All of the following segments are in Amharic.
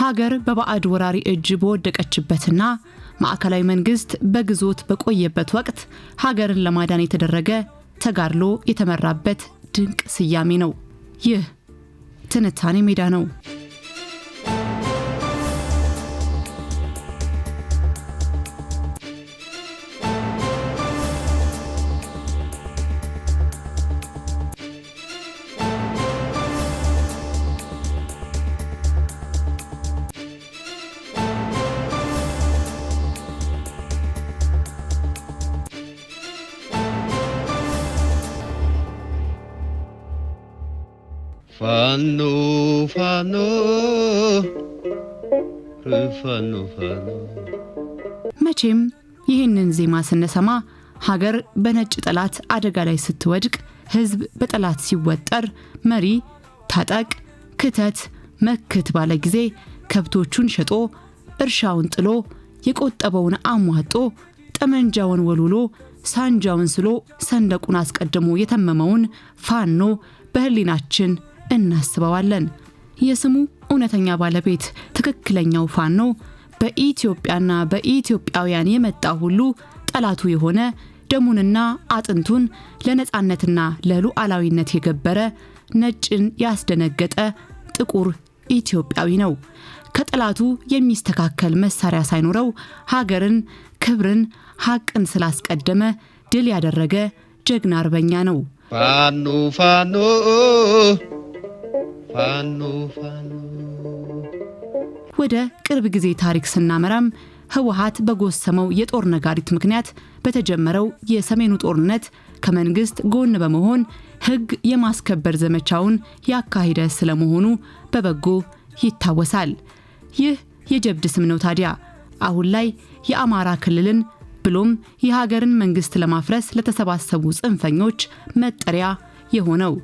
ሀገር በባዕድ ወራሪ እጅ በወደቀችበትና ማዕከላዊ መንግስት በግዞት በቆየበት ወቅት ሀገርን ለማዳን የተደረገ ተጋድሎ የተመራበት ድንቅ ስያሜ ነው። ይህ ትንታኔ ሜዳ ነው። ፋኖ ፋኖ ፋኖ ፋኖ። መቼም ይህንን ዜማ ስንሰማ ሀገር በነጭ ጠላት አደጋ ላይ ስትወድቅ፣ ህዝብ በጠላት ሲወጠር፣ መሪ ታጠቅ ክተት መክት ባለ ጊዜ ከብቶቹን ሸጦ እርሻውን ጥሎ የቆጠበውን አሟጦ ጠመንጃውን ወልውሎ ሳንጃውን ስሎ ሰንደቁን አስቀድሞ የተመመውን ፋኖ በህሊናችን እናስበዋለን። የስሙ እውነተኛ ባለቤት ትክክለኛው ፋኖ በኢትዮጵያና በኢትዮጵያውያን የመጣ ሁሉ ጠላቱ የሆነ ደሙንና አጥንቱን ለነፃነትና ለሉዓላዊነት የገበረ ነጭን ያስደነገጠ ጥቁር ኢትዮጵያዊ ነው። ከጠላቱ የሚስተካከል መሳሪያ ሳይኖረው ሀገርን፣ ክብርን፣ ሀቅን ስላስቀደመ ድል ያደረገ ጀግና አርበኛ ነው ፋኖ ፋኖ ፋኖ ፋኖ። ወደ ቅርብ ጊዜ ታሪክ ስናመራም ህወሀት በጎሰመው የጦር ነጋሪት ምክንያት በተጀመረው የሰሜኑ ጦርነት ከመንግስት ጎን በመሆን ህግ የማስከበር ዘመቻውን ያካሂደ ስለመሆኑ በበጎ ይታወሳል። ይህ የጀብድ ስም ነው ታዲያ አሁን ላይ የአማራ ክልልን ብሎም የሀገርን መንግስት ለማፍረስ ለተሰባሰቡ ጽንፈኞች መጠሪያ የሆነው።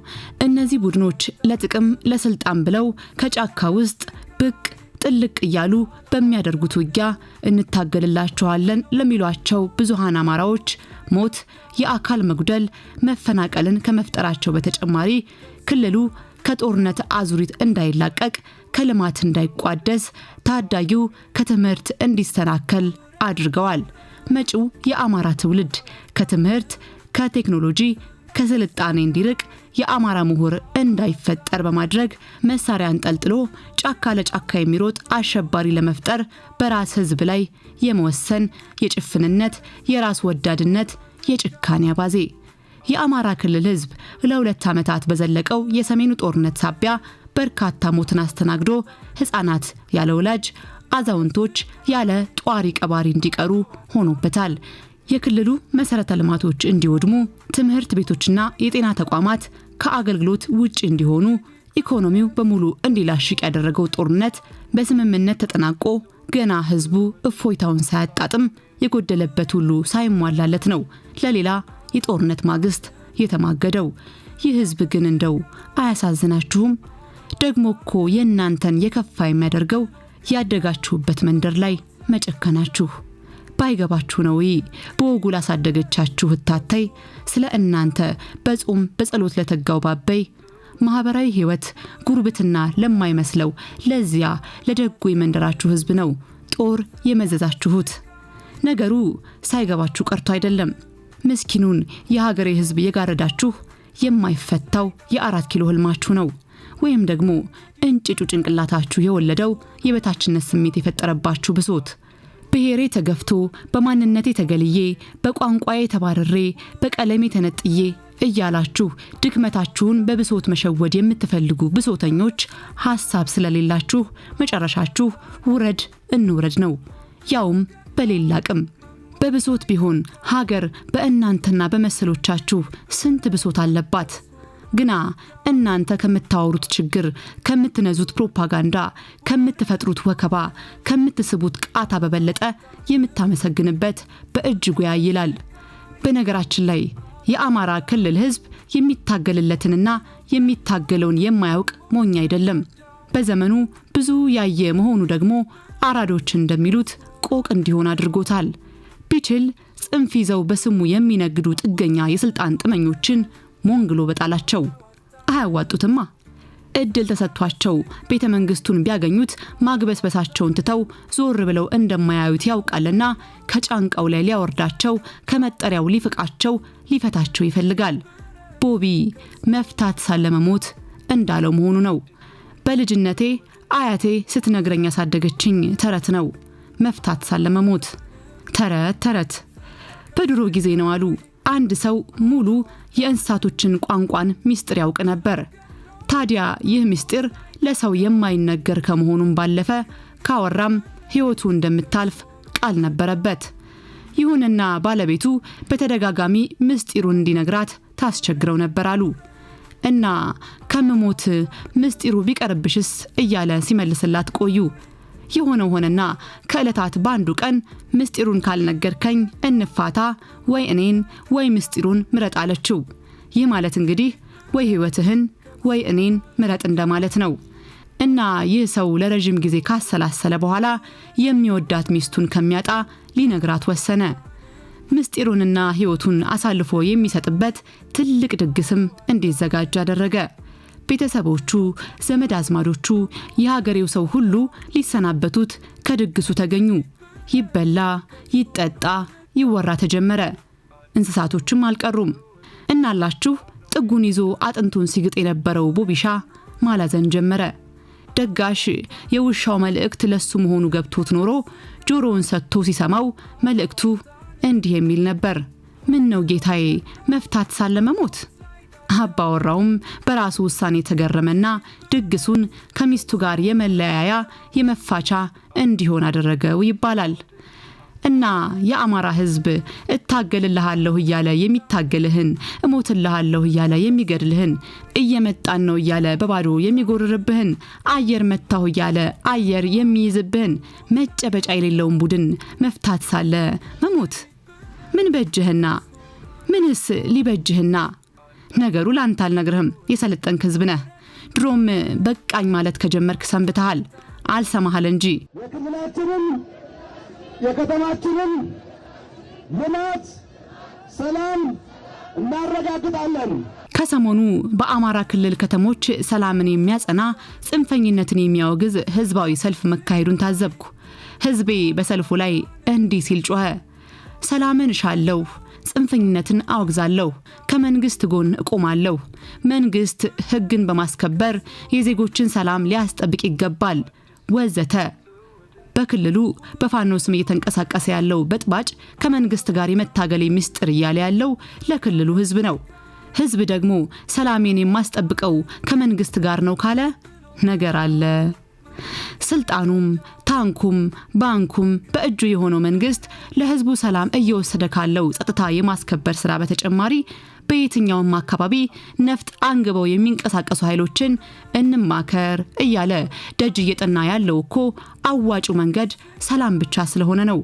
እነዚህ ቡድኖች ለጥቅም ለስልጣን ብለው ከጫካ ውስጥ ብቅ ጥልቅ እያሉ በሚያደርጉት ውጊያ እንታገልላቸዋለን ለሚሏቸው ብዙሃን አማራዎች ሞት፣ የአካል መጉደል፣ መፈናቀልን ከመፍጠራቸው በተጨማሪ ክልሉ ከጦርነት አዙሪት እንዳይላቀቅ፣ ከልማት እንዳይቋደስ፣ ታዳጊው ከትምህርት እንዲሰናከል አድርገዋል። መጪው የአማራ ትውልድ ከትምህርት ከቴክኖሎጂ ከስልጣኔ እንዲርቅ የአማራ ምሁር እንዳይፈጠር በማድረግ መሳሪያ አንጠልጥሎ ጫካ ለጫካ የሚሮጥ አሸባሪ ለመፍጠር በራስ ህዝብ ላይ የመወሰን የጭፍንነት፣ የራስ ወዳድነት፣ የጭካኔ አባዜ የአማራ ክልል ህዝብ ለሁለት ዓመታት በዘለቀው የሰሜኑ ጦርነት ሳቢያ በርካታ ሞትን አስተናግዶ ሕፃናት ያለ ወላጅ አዛውንቶች ያለ ጧሪ ቀባሪ እንዲቀሩ ሆኖበታል። የክልሉ መሰረተ ልማቶች እንዲወድሙ፣ ትምህርት ቤቶችና የጤና ተቋማት ከአገልግሎት ውጭ እንዲሆኑ፣ ኢኮኖሚው በሙሉ እንዲላሽቅ ያደረገው ጦርነት በስምምነት ተጠናቆ ገና ህዝቡ እፎይታውን ሳያጣጥም የጎደለበት ሁሉ ሳይሟላለት ነው ለሌላ የጦርነት ማግስት የተማገደው። ይህ ህዝብ ግን እንደው አያሳዝናችሁም? ደግሞ እኮ የእናንተን የከፋ የሚያደርገው ያደጋችሁበት መንደር ላይ መጨከናችሁ። ባይገባችሁ ነው። በወጉ ላሳደገቻችሁ እታታይ፣ ስለ እናንተ በጾም በጸሎት ለተጋው ባበይ፣ ማኅበራዊ ሕይወት ጉርብትና ለማይመስለው ለዚያ ለደጉ የመንደራችሁ ሕዝብ ነው ጦር የመዘዛችሁት። ነገሩ ሳይገባችሁ ቀርቶ አይደለም። ምስኪኑን የሀገሬ ሕዝብ የጋረዳችሁ የማይፈታው የአራት ኪሎ ህልማችሁ ነው። ወይም ደግሞ እንጭጩ ጭንቅላታችሁ የወለደው የበታችነት ስሜት የፈጠረባችሁ ብሶት ብሔሬ ተገፍቶ በማንነቴ ተገልዬ በቋንቋዬ ተባርሬ በቀለሜ ተነጥዬ እያላችሁ ድክመታችሁን በብሶት መሸወድ የምትፈልጉ ብሶተኞች ሐሳብ ስለሌላችሁ መጨረሻችሁ ውረድ እንውረድ ነው፣ ያውም በሌላ አቅም። በብሶት ቢሆን ሀገር በእናንተና በመሰሎቻችሁ ስንት ብሶት አለባት። ግና እናንተ ከምታወሩት ችግር፣ ከምትነዙት ፕሮፓጋንዳ፣ ከምትፈጥሩት ወከባ፣ ከምትስቡት ቃታ በበለጠ የምታመሰግንበት በእጅጉ ያይላል። በነገራችን ላይ የአማራ ክልል ህዝብ የሚታገልለትንና የሚታገለውን የማያውቅ ሞኝ አይደለም። በዘመኑ ብዙ ያየ መሆኑ ደግሞ አራዶች እንደሚሉት ቆቅ እንዲሆን አድርጎታል። ቢችል ጽንፍ ይዘው በስሙ የሚነግዱ ጥገኛ የስልጣን ጥመኞችን ሞንግሎ በጣላቸው። አያዋጡትማ። እድል ተሰጥቷቸው ቤተ መንግስቱን ቢያገኙት ማግበስበሳቸውን ትተው ዞር ብለው እንደማያዩት ያውቃልና ከጫንቃው ላይ ሊያወርዳቸው፣ ከመጠሪያው ሊፍቃቸው፣ ሊፈታቸው ይፈልጋል። ቦቢ መፍታት ሳለመሞት እንዳለው መሆኑ ነው። በልጅነቴ አያቴ ስትነግረኝ ያሳደገችኝ ተረት ነው። መፍታት ሳለመሞት ተረት ተረት በድሮ ጊዜ ነው አሉ አንድ ሰው ሙሉ የእንስሳቶችን ቋንቋን ምስጢር ያውቅ ነበር። ታዲያ ይህ ምስጢር ለሰው የማይነገር ከመሆኑም ባለፈ ካወራም ሕይወቱ እንደምታልፍ ቃል ነበረበት። ይሁንና ባለቤቱ በተደጋጋሚ ምስጢሩን እንዲነግራት ታስቸግረው ነበር አሉ እና ከምሞት ምስጢሩ ቢቀርብሽስ እያለ ሲመልስላት ቆዩ። የሆነ ሆነና ከዕለታት በአንዱ ቀን ምስጢሩን ካልነገርከኝ እንፋታ፣ ወይ እኔን ወይ ምስጢሩን ምረጥ አለችው። ይህ ማለት እንግዲህ ወይ ህይወትህን ወይ እኔን ምረጥ እንደማለት ነው። እና ይህ ሰው ለረዥም ጊዜ ካሰላሰለ በኋላ የሚወዳት ሚስቱን ከሚያጣ ሊነግራት ወሰነ። ምስጢሩንና ህይወቱን አሳልፎ የሚሰጥበት ትልቅ ድግስም እንዲዘጋጅ አደረገ። ቤተሰቦቹ፣ ዘመድ አዝማዶቹ፣ የሀገሬው ሰው ሁሉ ሊሰናበቱት ከድግሱ ተገኙ። ይበላ፣ ይጠጣ፣ ይወራ ተጀመረ። እንስሳቶችም አልቀሩም። እናላችሁ ጥጉን ይዞ አጥንቱን ሲግጥ የነበረው ቦቢሻ ማላዘን ጀመረ። ደጋሽ የውሻው መልእክት ለሱ መሆኑ ገብቶት ኖሮ ጆሮውን ሰጥቶ ሲሰማው መልእክቱ እንዲህ የሚል ነበር። ምን ነው ጌታዬ፣ መፍታት ሳለ መሞት አባወራውም በራሱ ውሳኔ ተገረመና ድግሱን ከሚስቱ ጋር የመለያያ የመፋቻ እንዲሆን አደረገው ይባላል። እና የአማራ ሕዝብ እታገልልሃለሁ እያለ የሚታገልህን እሞትልሃለሁ እያለ የሚገድልህን እየመጣን ነው እያለ በባዶ የሚጎርርብህን አየር መታሁ እያለ አየር የሚይዝብህን መጨበጫ የሌለውን ቡድን መፍታት ሳለ መሞት ምን በጅህና ምንስ ሊበጅህና ነገሩ ላንተ አልነግርህም። የሰለጠንክ ህዝብ ነህ። ድሮም በቃኝ ማለት ከጀመርክ ሰንብተሃል። አልሰማሃል እንጂ የክልላችንን የከተማችንን ልማት፣ ሰላም እናረጋግጣለን። ከሰሞኑ በአማራ ክልል ከተሞች ሰላምን የሚያጸና ጽንፈኝነትን የሚያወግዝ ህዝባዊ ሰልፍ መካሄዱን ታዘብኩ። ህዝቤ በሰልፉ ላይ እንዲህ ሲል ጮኸ። ሰላምን እሻለሁ ጽንፈኝነትን አወግዛለሁ። ከመንግስት ጎን እቆማለሁ። መንግስት ህግን በማስከበር የዜጎችን ሰላም ሊያስጠብቅ ይገባል ወዘተ። በክልሉ በፋኖ ስም እየተንቀሳቀሰ ያለው በጥባጭ ከመንግስት ጋር የመታገል ምስጢር እያለ ያለው ለክልሉ ህዝብ ነው። ህዝብ ደግሞ ሰላሜን የማስጠብቀው ከመንግስት ጋር ነው ካለ ነገር አለ። ስልጣኑም ታንኩም ባንኩም በእጁ የሆነው መንግስት ለህዝቡ ሰላም እየወሰደ ካለው ጸጥታ የማስከበር ስራ በተጨማሪ በየትኛውም አካባቢ ነፍጥ አንግበው የሚንቀሳቀሱ ኃይሎችን እንማከር እያለ ደጅ እየጠና ያለው እኮ አዋጩ መንገድ ሰላም ብቻ ስለሆነ ነው።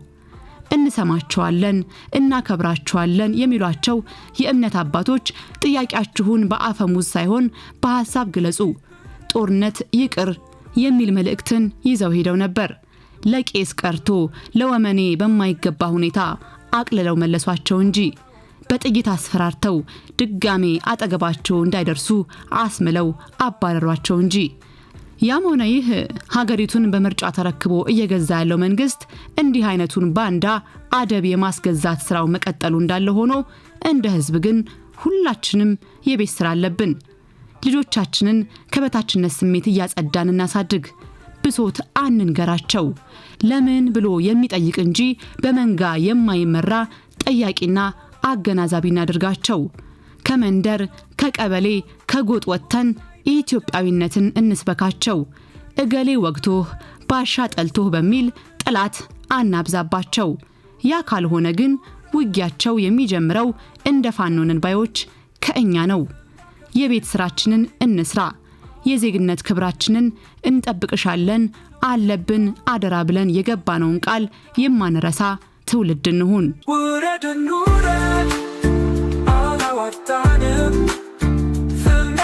እንሰማቸዋለን፣ እናከብራቸዋለን የሚሏቸው የእምነት አባቶች ጥያቄያችሁን በአፈሙዝ ሳይሆን በሐሳብ ግለጹ፣ ጦርነት ይቅር የሚል መልእክትን ይዘው ሄደው ነበር። ለቄስ ቀርቶ ለወመኔ በማይገባ ሁኔታ አቅልለው መለሷቸው እንጂ በጥይት አስፈራርተው ድጋሜ አጠገባቸው እንዳይደርሱ አስምለው አባረሯቸው እንጂ። ያም ሆነ ይህ ሀገሪቱን በምርጫ ተረክቦ እየገዛ ያለው መንግስት እንዲህ አይነቱን ባንዳ አደብ የማስገዛት ስራው መቀጠሉ እንዳለ ሆኖ እንደ ህዝብ ግን ሁላችንም የቤት ስራ አለብን። ልጆቻችንን ከበታችነት ስሜት እያጸዳን እናሳድግ። ብሶት አንንገራቸው። ለምን ብሎ የሚጠይቅ እንጂ በመንጋ የማይመራ ጠያቂና አገናዛቢ እናድርጋቸው። ከመንደር ከቀበሌ፣ ከጎጥ ወጥተን ኢትዮጵያዊነትን እንስበካቸው። እገሌ ወግቶህ ባሻ ጠልቶህ በሚል ጠላት አናብዛባቸው። ያ ካልሆነ ግን ውጊያቸው የሚጀምረው እንደ ፋኖ ባዮች ከእኛ ነው። የቤት ስራችንን እንስራ፣ የዜግነት ክብራችንን እንጠብቅሻለን አለብን አደራ ብለን የገባነውን ቃል የማንረሳ ትውልድ እንሁን። ውረድ እንውረድ፣ አላዋጣንም፣ ፍና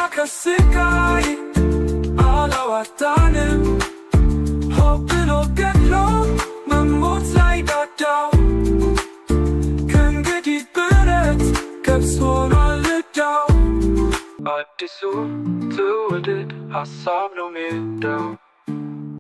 så turligt har som nu middag